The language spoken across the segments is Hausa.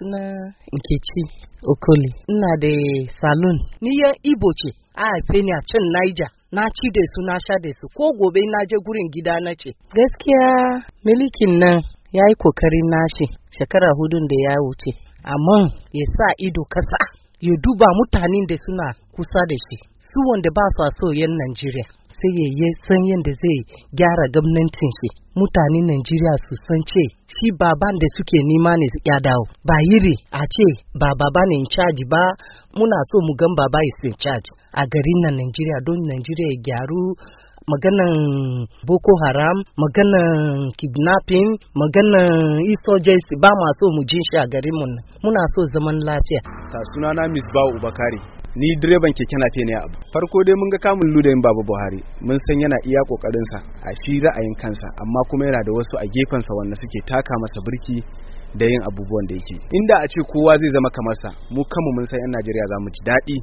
suna Nkechi Okoli. Ina da salon. Ni yan ibo ce, a haife ni can Niger. Na ci da su, na sha da su, ko gobe na je gurin gida na ce. Gaskiya milikin nan ya yi kokarin nashi shekara hudun da ya wuce, amma ya sa ido kasa ya duba mutanen da suna kusa da shi, su wanda ba sa so yan Najeriya. Sai ya san yadda zai gyara gwamnatin shi, mutanen Najeriya su san ce shi baban da suke nima ne ya dawo ba yiri a ce ba baba ne in caji ba muna so mu gan baba is in charge a garin nan Najeriya don Najeriya ya gyaru maganan Boko Haram maganan kidnapping maganan insurgency ba ma so mu jin shi a garin mu muna so zaman lafiya ta sunana Miss Ba'u Bakari ni direban keke na ne abu farko dai mun ga kamun ludayin babu buhari mun san yana iya kokarinsa a shi ra'ayin kansa amma kuma yana da wasu a gefensa wanda suke taka masa birki da yin abubuwan da yake inda a ce kowa zai zama kamar sa mu kanmu mun san yan najeriya za mu ji daɗi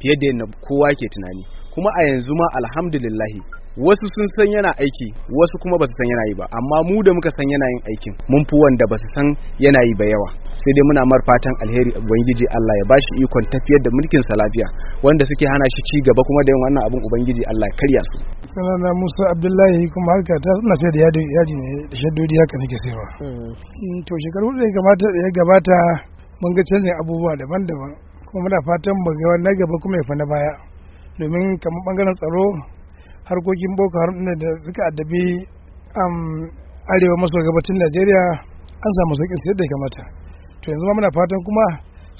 fiye da yadda kowa ke tunani kuma a yanzu ma alhamdulillahi wasu sun san yana aiki wasu kuma ba su san yana yi ba amma mu da muka san yana yin aikin mun fi wanda ba su san yana yi ba yawa sai dai muna mar fatan alheri ubangiji Allah ya bashi ikon tafiyar da mulkin sa lafiya wanda suke hana shi ci gaba kuma da yin wannan abin ubangiji Allah ya karya su sanana Musa Abdullahi kuma harka ta na sai da yadi yaji ne da shaddodi haka nake sayarwa mm. Mm, to shekaru da gabata ya gabata mun ga canjin abubuwa daban-daban kuma muna fatan mu ga wannan gaba kuma ya fana baya domin kamar bangaren tsaro harkokin boko haram da suka addabi arewa maso gabacin Najeriya an samu sauƙin sayar da kamata to yanzu ma muna fatan kuma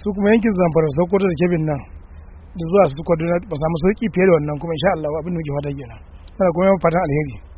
su kuma yankin zamfara sokoto da kebin nan da zuwa su kwaduna ba samu sauki fiye da wannan kuma insha Allah abin da muke fata kenan sana kuma fatan alheri